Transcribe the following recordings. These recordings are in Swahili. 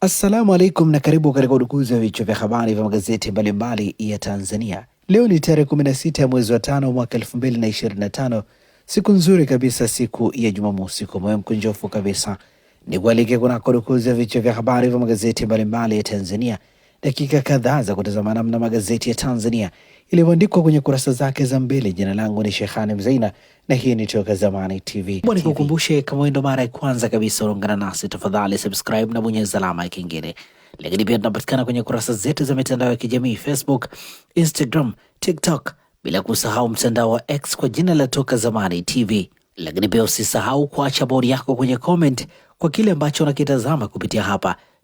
Assalamu alaikum na karibu katika udukuzi wa vichwa vya habari vya magazeti mbalimbali ya Tanzania. Leo ni tarehe 16 ya mwezi wa tano mwaka 2025, siku nzuri kabisa, siku ya Jumamosi, kwa moyo mkunjofu kabisa ni kualike kunako udukuzi wa vichwa vya habari vya magazeti mbalimbali ya Tanzania dakika kadhaa za kutazama namna magazeti ya Tanzania iliyoandikwa kwenye kurasa zake za mbele. Jina langu ni Shehani Mzeina na hii ni Toka Zamani TV. Nikukumbushe, kama ndo mara ya kwanza kabisa unaungana nasi, tafadhali subscribe na bonyeza alama ya kengele. Lakini pia tunapatikana kwenye kurasa zetu za mitandao ya kijamii Facebook, Instagram, TikTok, bila kusahau mtandao wa X kwa jina la Toka Zamani TV. Lakini pia usisahau kuacha bodi yako kwenye comment kwa kile ambacho unakitazama kupitia hapa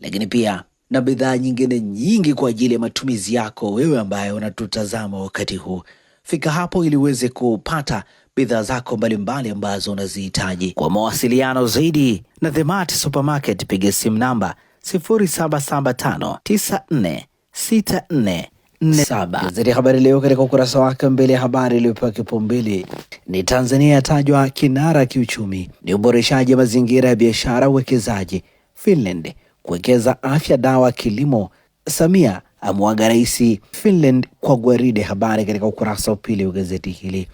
lakini pia na bidhaa nyingine nyingi kwa ajili ya matumizi yako wewe ambaye unatutazama wakati huu. Fika hapo ili uweze kupata bidhaa zako mbalimbali ambazo unazihitaji. Kwa mawasiliano zaidi na The Mart Supermarket, piga simu namba 0775946447. Habari Leo katika ukurasa wake mbele ya habari iliyopewa kipaumbele ni Tanzania yatajwa kinara kiuchumi, ni uboreshaji wa mazingira ya biashara, uwekezaji Finland kuwekeza afya, dawa, kilimo. Samia amwaga Rais Finland kwa gwaride. Habari katika ukurasa wa pili wa gazeti hili.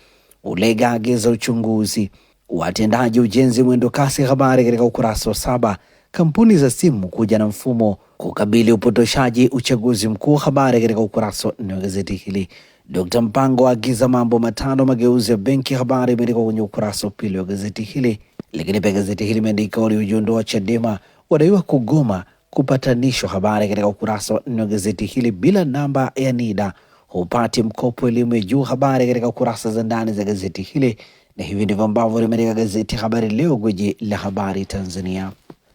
Ulega agiza uchunguzi watendaji ujenzi mwendo kasi. Habari katika ukurasa wa saba. Kampuni za simu kuja na mfumo kukabili upotoshaji uchaguzi mkuu. Habari katika ukurasa wa nne wa gazeti hili. Dr Mpango aagiza mambo matano mageuzi ya benki. Habari imeandikwa kwenye ukurasa wa pili wa gazeti hili. Lakini pia gazeti hili imeandika waliojiondoa Chadema wadaiwa kugoma kupatanishwa. Habari katika ukurasa wa nne wa gazeti hili, bila namba ya NIDA hupati mkopo elimu ya juu. Habari katika kurasa za ndani za gazeti hili, na hivi ndivyo ambavyo limeandika gazeti Habari Leo, gwiji la habari Tanzania,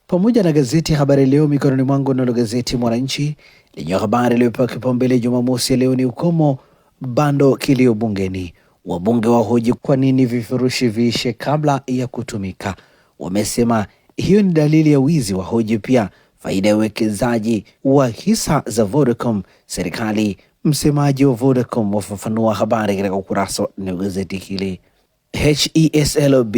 pamoja na gazeti Habari Leo mikononi mwangu. Nalo gazeti Mwananchi lenye habari iliyopewa kipaumbele Jumamosi ya leo ni ukomo bando kilio bungeni, wabunge wahoji kwa nini vifurushi viishe kabla ya kutumika. Wamesema hiyo ni dalili ya wizi, wahoji pia faida ya uwekezaji wa hisa za Vodacom. Serikali, msemaji wa Vodacom wafafanua habari katika ukurasa wa gazeti hili. HESLB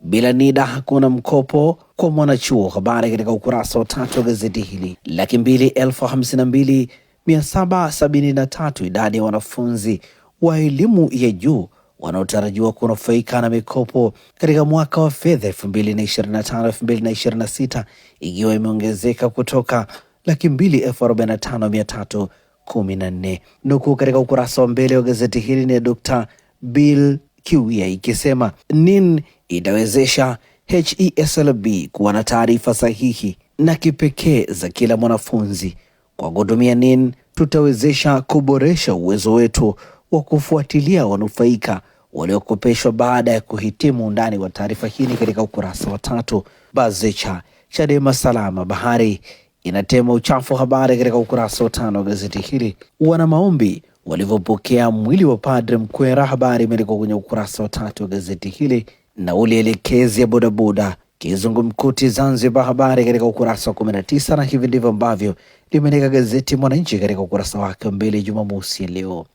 bila NIDA hakuna mkopo kwa mwanachuo, habari katika ukurasa wa tatu wa gazeti hili. Laki mbili elfu hamsini na mbili mia saba sabini na tatu idadi ya wanafunzi wa elimu ya juu wanaotarajiwa kunufaika na mikopo katika mwaka wa fedha 2025/2026 ikiwa imeongezeka kutoka laki mbili elfu arobaini na tano mia tatu kumi na nne. Nukuu katika ukurasa wa mbele wa gazeti hili ni Dr. Bill Kiwia ikisema NIN itawezesha HESLB kuwa na taarifa sahihi na kipekee za kila mwanafunzi. Kwa kutumia NIN tutawezesha kuboresha uwezo wetu wa kufuatilia wanufaika waliokopeshwa baada ya kuhitimu. Undani wa taarifa hii ni katika ukurasa wa tatu. Bazecha Chadema salama bahari inatema uchafu. Habari katika ukurasa wa tano wa gazeti hili. Wana maombi walivyopokea mwili wa Padre Mkwera, habari imeandikwa kwenye ukurasa wa tatu wa gazeti hili. Nauli elekezi ya bodaboda kizungumkuti Zanzibar, habari katika ukurasa wa kumi na tisa. Na hivi ndivyo ambavyo limeandika gazeti Mwananchi katika ukurasa wake mbele Jumamosi ya leo.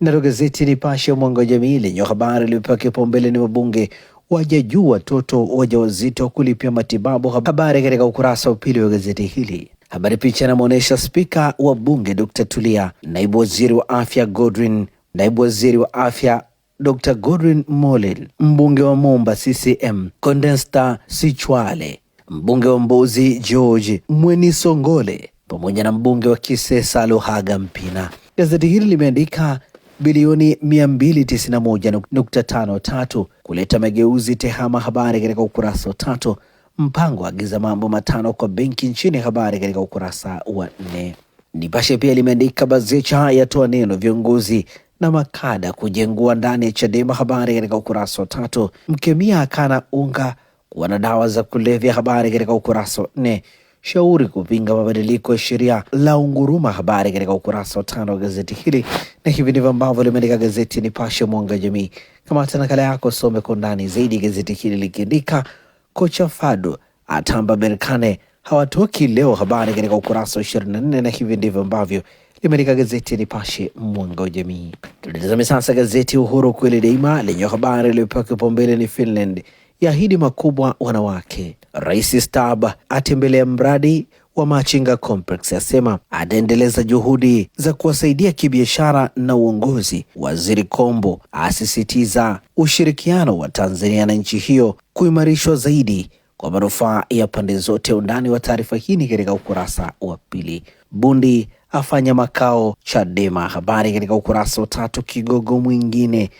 Nalo gazeti Nipashe Mwanga wa Jamii lenye habari iliyopewa kipaumbele ni wabunge wajajua watoto wajawazito kulipia matibabu, habari katika ukurasa wa pili wa gazeti hili. Habari picha inamwonyesha spika wa bunge Dr. Tulia, naibu waziri wa afya Godwin, naibu waziri wa afya Dr. Godwin Molel, mbunge wa Momba CCM Condensta Sichwale, mbunge wa Mbozi George Mwenisongole pamoja na mbunge wa Kisesa Luhaga Mpina. Gazeti hili limeandika bilioni 291.53 kuleta mageuzi. Tehama habari katika ukurasa wa tatu. Mpango agiza mambo matano kwa benki nchini, habari katika ukurasa wa nne. Nipashe pia limeandika Bazecha yatoa neno viongozi na makada kujengua ndani ya Chadema, habari katika ukurasa wa tatu. Mkemia akana unga kuwa na dawa za kulevya, habari katika ukurasa wa nne shauri kupinga mabadiliko ya sheria la unguruma. Habari katika ukurasa wa tano wa gazeti hili, na hivi ndivyo ambavyo limeandika gazeti ya Nipashe mwanga jamii. Kama Kamata nakala yako, some kwa ndani zaidi. Gazeti hili likiandika kocha Fadu atamba Berkane hawatoki leo, habari katika ukurasa wa ishirini na nne na hivi ndivyo ambavyo limeandika gazeti ya Nipashe mwanga wa jamii. Tutazame sasa gazeti Uhuru kweli daima lenye habari iliyopewa kipaumbele ni Finland yaahidi makubwa wanawake. Rais Stab atembelea mradi wa Machinga Complex, asema ataendeleza juhudi za kuwasaidia kibiashara na uongozi. Waziri Kombo asisitiza ushirikiano wa Tanzania na nchi hiyo kuimarishwa zaidi kwa manufaa ya pande zote. Undani wa taarifa hii ni katika ukurasa wa pili. Bundi afanya makao Chadema, habari katika ukurasa wa tatu. Kigogo mwingine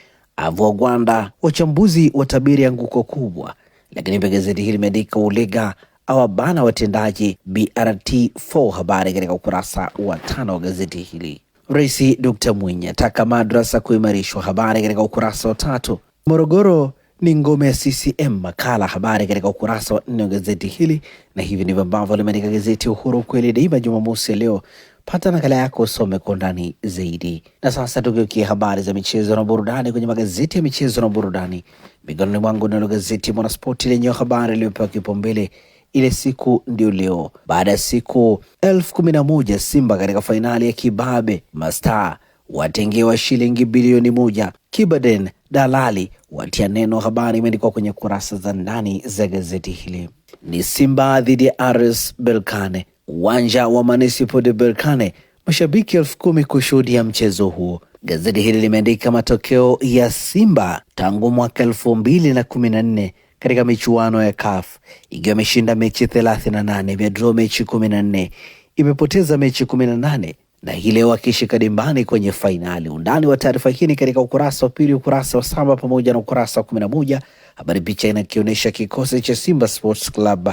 avua gwanda, wachambuzi watabiri anguko kubwa. Lakini pia gazeti hili limeandika Ulega awabana watendaji BRT4, habari katika ukurasa wa tano wa gazeti hili. Rais d Mwinyi ataka madrasa kuimarishwa, habari katika ukurasa wa tatu. Morogoro ni ngome ya CCM, makala habari katika ukurasa wa nne wa gazeti hili, na hivi ndivyo ambavyo limeandika gazeti Uhuru kweli daima Jumamosi ya leo pata nakala yako usome kwa undani zaidi. Na sasa tugeukie habari za michezo na burudani kwenye magazeti ya michezo na burudani. Mikononi mwangu nalo gazeti Mwanaspoti lenye habari iliyopewa kipaumbele ile siku ndio leo. Baada ya siku elfu kumi na moja Simba katika fainali ya kibabe, mastaa watengewa shilingi bilioni moja. Kibaden dalali watia neno. Habari imeandikwa kwenye kurasa za ndani za gazeti hili. Ni Simba dhidi ya RS Belkane, uwanja wa Manisipo de Berkane, mashabiki elfu kumi kushuhudia mchezo huo. Gazeti hili limeandika matokeo ya Simba tangu mwaka elfu mbili na kumi na nne katika michuano ya CAF ikiwa imeshinda mechi 38, imedraw mechi 14, imepoteza mechi 18 na hii leo akishika dimbani kwenye fainali. Undani wa taarifa hii ni katika ukurasa wa pili, ukurasa wa saba pamoja na ukurasa wa 11. Habari picha inakionyesha kikosi cha Simba Sports Club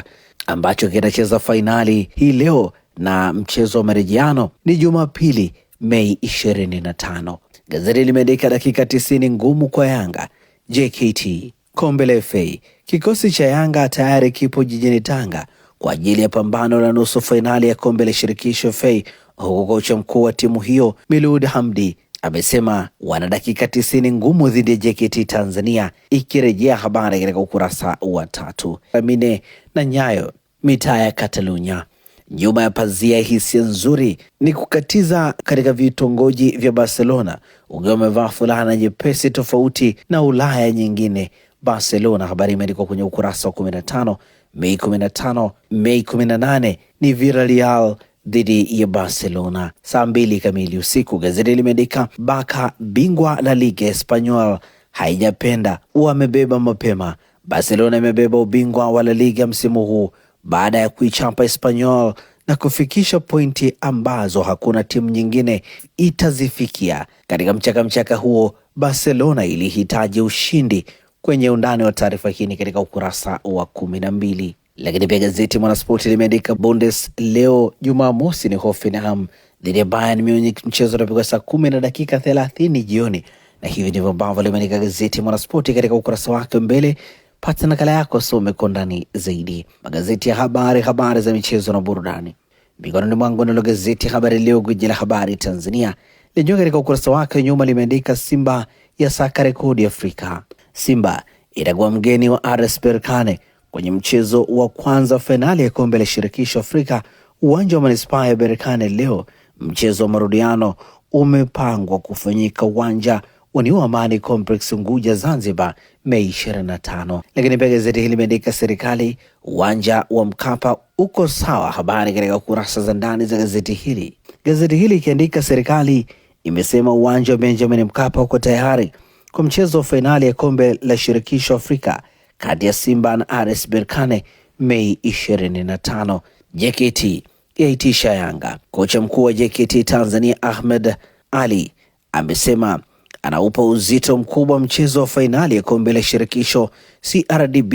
ambacho kinacheza fainali hii leo na mchezo wa marejiano ni Jumapili Mei 25. Gazeti limeandika dakika 90 ngumu kwa Yanga. JKT kombe la FA. Kikosi cha Yanga tayari kipo jijini Tanga kwa ajili ya pambano la nusu fainali ya kombe la shirikisho FA, huku kocha mkuu wa timu hiyo Milud Hamdi amesema wana dakika tisini ngumu dhidi ya JKT Tanzania, ikirejea habari katika ukurasa wa tatu. Amine na Nyayo, mitaa ya Katalunya nyuma ya pazia, hisia nzuri ni kukatiza katika vitongoji vya Barcelona ukiwa umevaa fulana nyepesi tofauti na Ulaya nyingine. Barcelona, habari imeandikwa kwenye ukurasa wa tano. Mei tano, Mei nane ni Villarreal dhidi ya Barcelona saa mbili kamili usiku. Gazeti limeandika baka bingwa la liga Espanyol haijapenda wamebeba mapema. Barcelona imebeba ubingwa wa la liga msimu huu baada ya kuichapa Espanyol na kufikisha pointi ambazo hakuna timu nyingine itazifikia. Katika mchaka mchaka huo, Barcelona ilihitaji ushindi. Kwenye undani wa taarifa hii ni katika ukurasa wa kumi na mbili. Lakini pia gazeti Mwanaspoti limeandika Bundes leo Jumamosi ni Hoffenheim dhidi ya Bayern Munich, mchezo utapigwa saa kumi na dakika thelathini jioni, na hivi ndivyo ambavyo limeandika gazeti Mwanaspoti katika ukurasa wake mbele. Pata nakala yako some kwa ndani zaidi magazeti ya habari, habari za michezo na burudani mikononi mwangu. Nalo gazeti Habari Leo, gwiji la habari Tanzania, lenyewe katika ukurasa wake nyuma limeandika Simba ya saka rekodi Afrika. Simba itakuwa mgeni wa RS Berkane kwenye mchezo wa kwanza wa fainali ya kombe la shirikisho Afrika uwanja wa manispaa ya Berkane leo. Mchezo wa marudiano umepangwa kufanyika uwanja wa New Amani Complex Unguja, Zanzibar, Mei 25. Lakini pia gazeti hili limeandika serikali uwanja wa Mkapa uko sawa, habari katika kurasa za ndani za gazeti hili. Gazeti hili ikiandika serikali imesema uwanja wa Benjamin Mkapa uko tayari kwa mchezo wa fainali ya kombe la shirikisho Afrika kati ya Simba na RS Berkane Mei 25. JKT yaitisha Yanga. Kocha mkuu wa JKT Tanzania Ahmed Ali amesema anaupa uzito mkubwa mchezo wa fainali ya kombe la shirikisho CRDB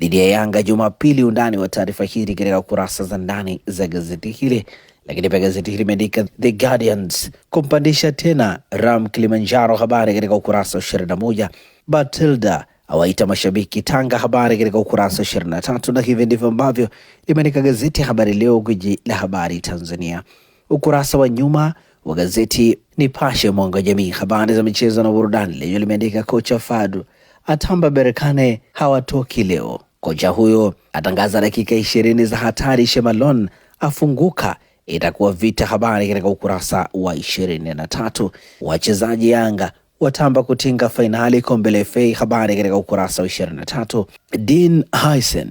dhidi ya Yanga Jumapili. Undani wa taarifa hili katika kurasa za ndani za gazeti hili, lakini pia gazeti hili imeandika The Guardians kumpandisha tena Ram Kilimanjaro, habari katika ukurasa wa moja. Batilda awaita mashabiki Tanga. Habari katika ukurasa 23, na hivi ndivyo ambavyo limeandika gazeti Habari Leo, gwiji la habari Tanzania. Ukurasa wa nyuma wa gazeti Nipashe mwanga jamii, habari za michezo na burudani, lenyewe limeandika kocha Fadu atamba Berekane hawatoki leo. Kocha huyo atangaza dakika ishirini za hatari, Shemalon afunguka itakuwa vita. Habari katika ukurasa wa ishirini na tatu. Wachezaji Yanga watamba kutinga fainali kombe la FA. Habari katika ukurasa wa 23. Dean Hyson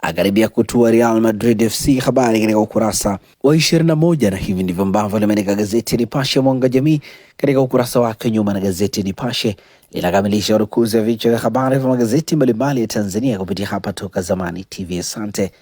akaribia kutua Real Madrid FC. Habari katika ukurasa wa 21, na hivi ndivyo ambavyo limeandika gazeti Nipashe Mwanga Jamii katika ukurasa wake nyuma, na gazeti Nipashe linakamilisha urukuzi ya vichwa vya habari vya magazeti mbalimbali ya Tanzania kupitia hapa Toka Zamani TV. Asante.